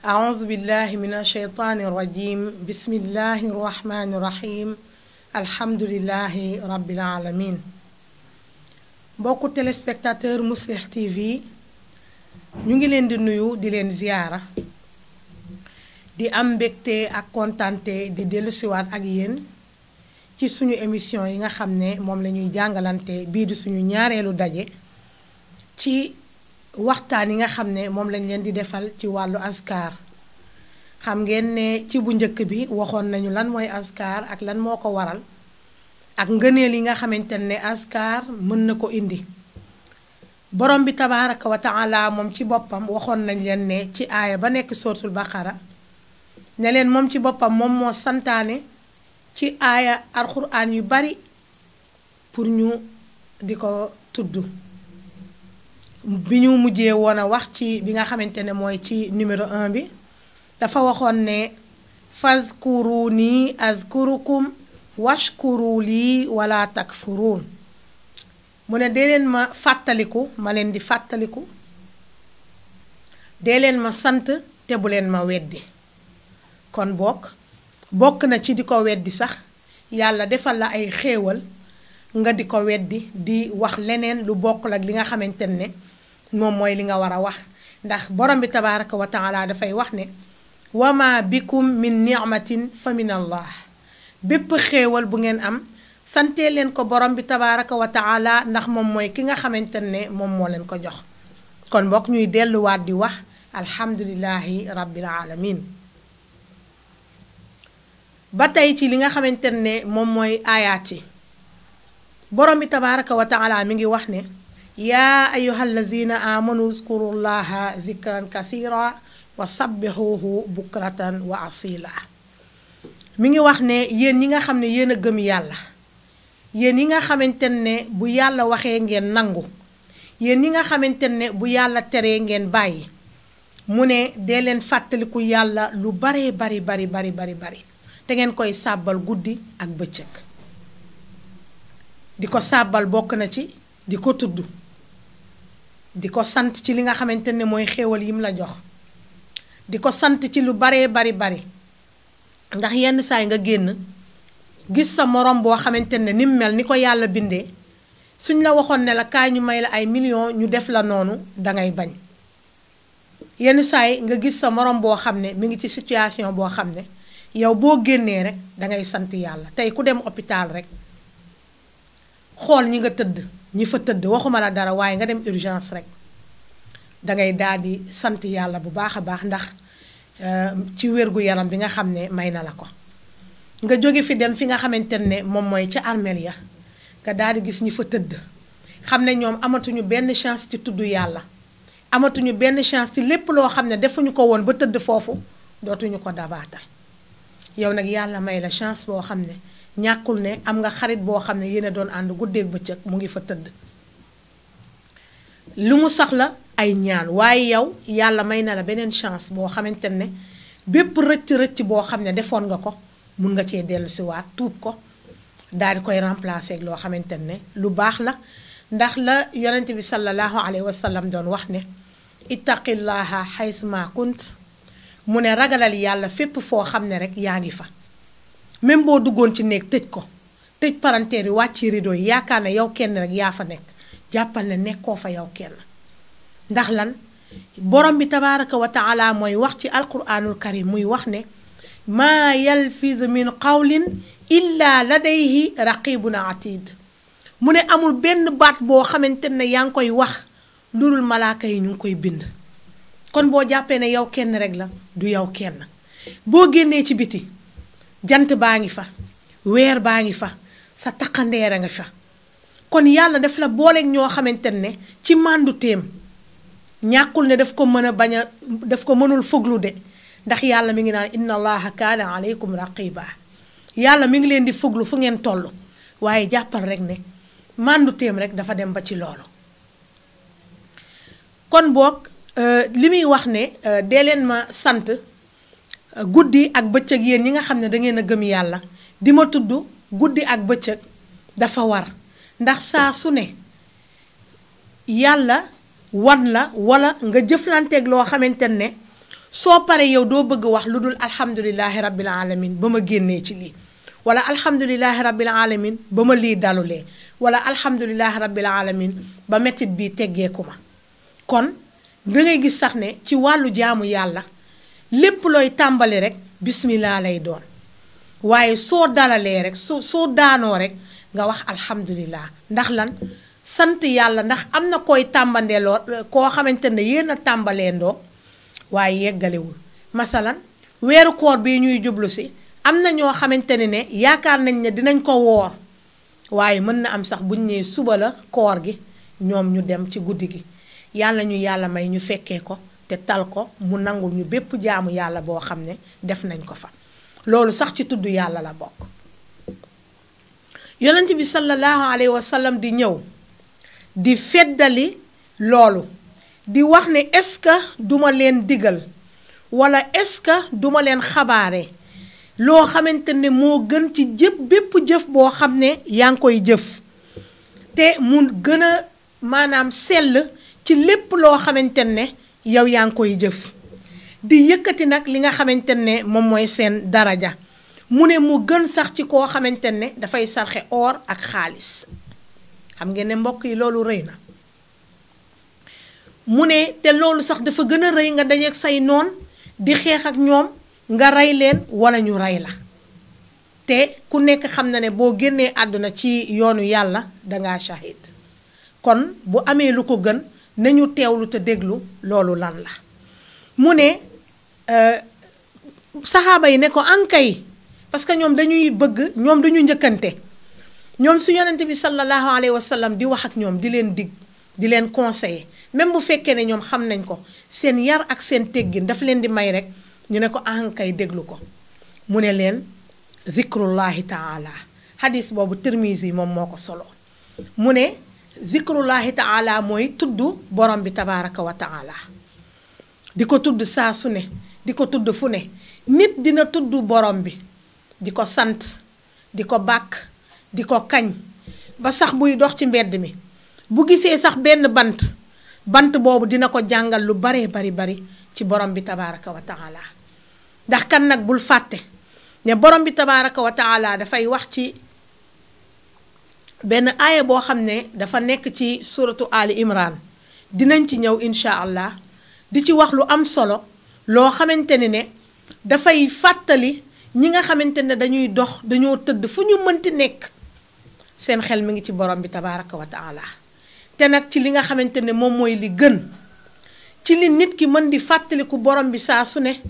أعوذ بالله من الشيطان الرجيم بسم الله الرحمن الرحيم الحمد لله رب العالمين mbokku téléspectateur Mouslih TV ñu ngi leen di nuyu di leen ziyaara di am mbégte ak kontante di dellusiwaat ak yéen ci suñu émission yi nga xam ne moom lañuy jàngalante bii di suñu ñaareelu daje ci waxtaan yi nga xam ne moom lañ leen di defal ci wàllu askar xam ngeen ne ci bu njëkk bi waxoon nañu lan mooy askar ak lan moo ko waral ak ngëneel yi nga xamante ne askar mën na ko indi borom bi tabaaraka wa moom ci boppam waxoon nañ leen ne ci aaya ba nekk sootul baqara ne leen moom ci boppam moom moo santaane ci aaya alxuraan yu bari pour ñu di ko tudd bi ñu mujjee woon a wax ci bi nga xamante ne mooy ci numéro 1 bi dafa waxoon ne fazkuru nii azkurukum washkuru lii wala takfuruun mu ne dee leen ma fàttaliku ma leen di fàttaliku dee leen ma sant te bu leen ma weddi kon bokk bokk na ci di ko weddi sax yàlla defal la ay xéewal nga di ko weddi di wax leneen lu bokkul ak li nga xamante ne moom mooy li nga war a wax ndax borom bi tabaaraka wa dafay wax ne wa ma bikum min nicmatin fa min allah bépp xéewal bu ngeen am sante leen ko borom bi tabaaraka wa ndax moom mooy ki nga xamante ne moom moo leen ko jox kon bokk ñuy delluwaat di wax alhamdulilahi rabbil alamin ba tey ci li nga xamante ne moom mooy aayaat yi borom bi tabaaraka wa taala ngi wax ne yaa ayyuhal lazina amanu uzkuru llaha zikran kathira wa sabbihuhu bukratan wa asila mi ngi wax ne yéen ñi nga xam ne yéen a gëm yàlla yéen yi nga xamante ne bu yàlla waxee ngeen nangu yéen ñi nga xamante ne bu yàlla teree ngeen bàyyi mu ne dee leen fàttaliku yàlla lu baree bari bari bari bari te ngeen koy sàbbal guddi ak bëccëg di ko sàbbal bokk na ci di ko tudd di ko sant ci li nga xamante ne mooy xéewal yi mu la jox di ko sant ci lu baree bari bari ndax yenn saay nga génn gis sa morom boo xamante ne ni mu mel ni ko yàlla bindee suñ la waxoon ne la kaay ñu may la ay million ñu def la noonu dangay bañ yenn saay nga gis sa morom boo xam ne mi ngi ci situation boo xam ne yow boo génnee rek dangay sant yàlla tey ku dem hôpital rek xool ñi nga tëdd ñi fa tëdd waxuma la dara waaye nga dem urgence rek dangay daal di sant yàlla bu baax a baax ndax euh, ci wérgu yaram bi nga xam ne may na la ko nga jóge fi dem fi nga xamante ne moom mooy ca armeel ya nga daal di gis ñi fa tëdd xam ne ñoom amatuñu benn chance ci tudd yàlla amatuñu benn chance ci lépp loo xam ne defuñu ko woon ba tëdd foofu dootuñu ko dabaatal yow nag yàlla may la chance boo xam ne ñàkkul ne am nga xarit boo xam ne yéen a doon ànd guddeeg bëccëg mu ngi fa tëdd lu mu sax la ay ñaan waaye yow yàlla may na la beneen chance boo xamante ne bépp rëcc rëcc boo xam ne defoon nga ko mun nga cee dellu si waat tuub ko daal di koy remplacer loo xamante ne lu baax la ndax la yonent bi sallallahu alayhi wa sallam doon wax ne ittaqillaha haythuma kunt mu ne ragalal yàlla fépp foo xam ne rek yaa ngi fa même boo duggoon ci néeg tëj ko tëj palanteer yi wàcc rideau yi yaakaar ne yow kenn rek yaa fa nekk jàppal na nekkoo fa yow kenn ndax lan borom bi tabaaraka wa mooy wax ci alquraanul karim muy wax ne ma maa yalfizu min qawlin illa ladayhi raqibun atid mu ne amul benn baat boo xamante ne yaa ngi koy wax lu dul malaaka yi ñu ngi koy bind kon boo jàppee ne yow kenn rek la du yow kenn boo génnee ci biti jant baa ngi fa weer baa ngi fa sa taqandeer a nga fa kon yàlla def la booleek ñoo xamante ne ci màndu téem ñàkkul ne daf ko mën a bañ a daf ko mënul foglu de ndax yàlla mu ngi naan inna allaha kaana aleykum raqiba yàlla mi ngi leen di foglu fu ngeen toll waaye jàppal rek ne màndu téem rek dafa dem ba ci loolu kon boog euh, li muy wax ne euh, dee leen ma sant guddi ak bëccëg yéen ñi nga xam ne dangeen a gëm yàlla di ma tudd guddi ak bëccëg dafa war ndax saa su ne yàlla wan la wala nga jëflanteeg loo xamante ne soo paree yow doo bëgg wax lu dul alhamdulilahi rabbil alamin ba ma génnee ci lii wala alhamdulilahi rabbil alamin ba ma lii dalulee wala alhamdulilahi rabbil alamin ba mettit bii teggeeku ma kon da gis sax ne ci wàllu jaamu yàlla lépp looy tàmbali rek bismillah lay doon waaye soo dalalee rek soo soo daanoo rek nga wax alhamdulilah ndax lan sant yàlla ndax am na koy tàmbandeeloo koo xamante ne yéen a tàmbaleendoo waaye yeggalewul masalan weeru koor bi ñuy jublu si am na ñoo xamante ne ne yaakaar nañ ne dinañ ko woor waaye mën na am sax buñ nee suba la koor gi ñoom ñu dem ci guddi gi yàlla ñu yàlla may ñu fekkee ko te tal ko mu nangul ñu bépp jaamu yàlla boo xam ne def nañ ko fa loolu sax ci tudd yàlla la bokk yonent bi sallallahu alayhi wa sallam di ñëw di feddali loolu di wax ne est duma leen digal wala est-ce que duma leen xabaare loo xamante ne moo gën ci jëf bépp jëf boo xam ne yaa ngi koy jëf te mu gën a maanaam sell ci lépp loo xamante ne yow yaa ngi koy jëf di yëkkati nag li nga xamante ne moom mooy seen daraja mu ne mu gën sax ci koo xamante ne dafay sarxe oor ak xaalis xam ngeen ne mbokk yi loolu rëy na mu ne te loolu sax dafa gën a rëy nga dajeek say noon di xeex ak ñoom nga rey leen wala ñu rey la te ku nekk xam na ne boo génnee àdduna ci yoonu yàlla dangaa shahid kon bu amee lu ko gën nañu teewlu te déglu loolu lan la mu ne euh, saxaaba yi ne ko ankay parce que ñoom dañuy bëgg ñoom dañu njëkkante ñoom su yonente bi sallallahu alayhi wa sallam di wax ak ñoom di leen dig di leen conseiller même bu fekkee ne ñoom xam nañ ko seen yar ak seen teggin daf leen di may rek ñu ne ko ankay déglu ko mu ne leen zikrullahi taala hadis boobu Tirmizi moom moo ko solo mu ne zikrullahi taala mooy tudd borom bi tabaraka wa taala di ko tudd saa su ne di ko tudd fu ne nit dina tudd borom bi di ko sant di ko bàkk di ko kañ ba sax buy dox ci mbedd mi bu gisee sax benn bant bant boobu dina ko jàngal lu baree bari bari ci borom bi tabaraka wa taala ndax kan nag bul fàtte ne borom bi tabaraka wa dafay wax ci benn aaya boo xam ne dafa nekk ci suratu Ali Imran dinañ ci ñëw incha allah di ci wax lu am solo loo xamante ne ne dafay fàttali ñi nga xamante ne dañuy dox dañoo tëdd fu ñu mënti nekk seen xel mu ngi ci borom bi tabaraka wa te nag ci li nga xamante ne moom mooy li gën ci li nit ki mën di fàttaliku borom bi saa su ne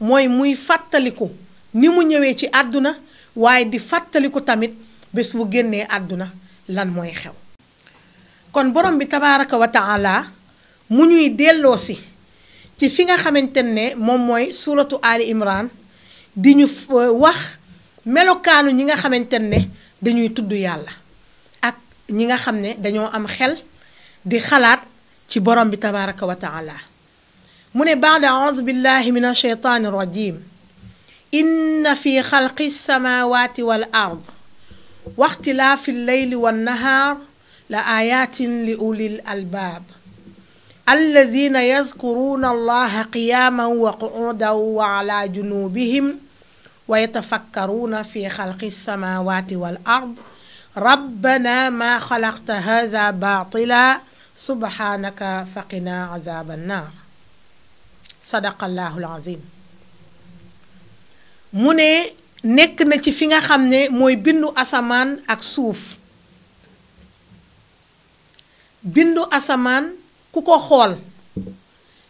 mooy muy fàttaliku ni mu ñëwee ci àdduna waaye di fàttaliku tamit bés bu génnee àdduna lan mooy xew kon borom bi tabaaraka wa taala mu ñuy delloosi ci fi nga xamante ne moom mooy suuratu Ali imraan di ñu euh, wax melokaanu ñi nga xamante ne dañuy tudd yàlla ak ñi nga xam ne dañoo am xel di xalaat ci borom bi tabaaraka wa taala mu ne baada audu billahi min alsheytaani rajim inna fi xalqi alsamawati wal ard waxtilaafi leyli wannahaar la aayaatin li ulil albaab alladina yadkuruuna allaha qiyaaman wa quudan wa ala junubihim wa yatafakkaruuna fi xalqi alsamaawaati wal ard rabbana maa xalaqta hada baatila subhaanaka faqina azaaba annaar sadaqallaahu alazim mu ne nekk na ci fi nga xam ne mooy bindu asamaan ak suuf bindu asamaan ku ko xool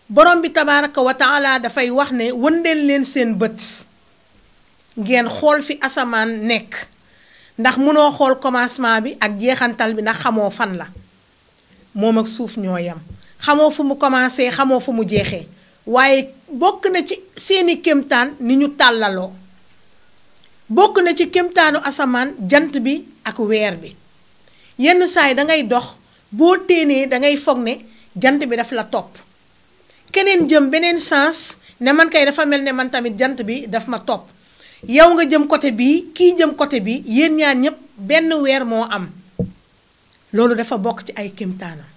borom bi tabaaraka wa dafay wax ne wëndeel leen seen bët ngeen xool fi asamaan nekk ndax mënoo xool commencement bi ak jeexantal bi ndax xamoo fan la moom ak suuf ñoo yam xamoo fu mu commencé xamoo fu mu jeexee waaye bokk na ci seeni kéemtaan ni ñu tàllaloo bokk na ci kemtaanu asamaan jant bi ak weer bi yenn saay da ngay dox boo téenee da ngay foog ne jant bi daf la topp keneen jëm beneen sens ne man kay dafa mel ne man tamit jant bi dafa ma topp yow nga jëm côté bii kii jëm côté bi yéen ñaan ñëpp benn weer moo am loolu dafa bokk ci ay kémtaanam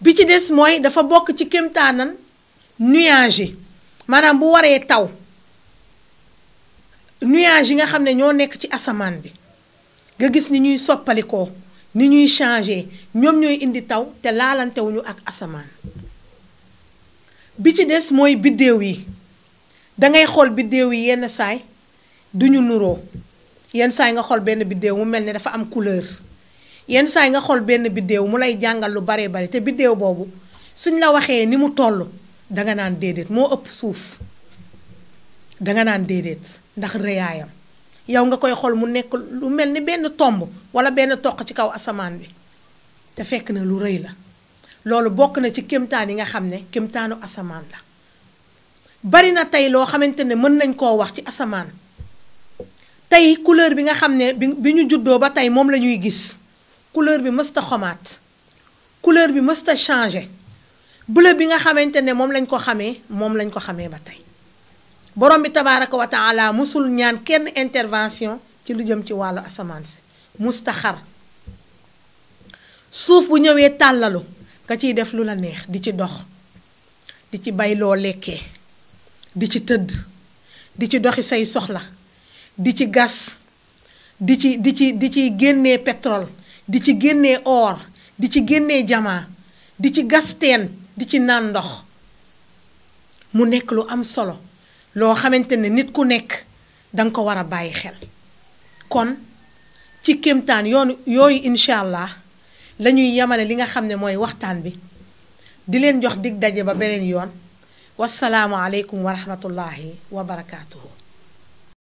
bi ci des mooy dafa bokk ci kémtaanan nuage yi maanaam bu waree taw nuage yi nga xam ne ñoo nekk ci asamaan bi nga gis ni ñuy soppalikoo ni ñuy changé ñoom ñooy indi taw te laalantewuñu ak asamaan bi ci des mooy biddéew yi dangay xool biddéew yi yenn saay duñu nuroo yenn saay nga xool benn biddéew mu mel ne dafa am couleur yenn saay nga xool benn biddéew mu lay jàngal lu baree bari te biddéew boobu suñ la waxee ni mu toll danga naan déedéet moo ëpp suuf danga naan déedéet ndax rëyaayam yow nga koy xool mu nekk lu mel ni benn tomb wala benn toq ci kaw asamaan bi te fekk na lu rëy la loolu bokk na ci kémtaan yi nga xam ne kémtaanu asamaan la bari na tey loo xamante ne mën nañ koo wax ci asamaan tey couleur bi nga xam ne bi ñu juddoo ba tey moom la ñuy gis couleur bi mësta xomaat couleur bi mësta changé bleu bi nga xamante ne moom lañ ko xamee moom lañ ko xamee ba tey borom bi tabaaraka wa mosul ñaan kenn intervention ci lu jëm ci wàllu asamaan si mustaxar suuf bu ñëwee tàllalu nga ciy def lu la neex di ci dox di ci bay loo lekkee di ci tëdd di ci doxi say soxla di ci gas di ci di ci di ci génnee pétrole di ci génne or di ci génnee jamaa di ci gasteen di ci naan ndox mu nekk lu am solo loo xamante ne nit ku nekk danga ko war a bàyyi xel kon ci kéemtaan yoonu yooyu incha allah la ñuy yemale li nga xam ne mooy waxtaan bi di leen jox dig daje ba beneen yoon wasalaamu aleykum wa rahmatullahi wa barakaatuhu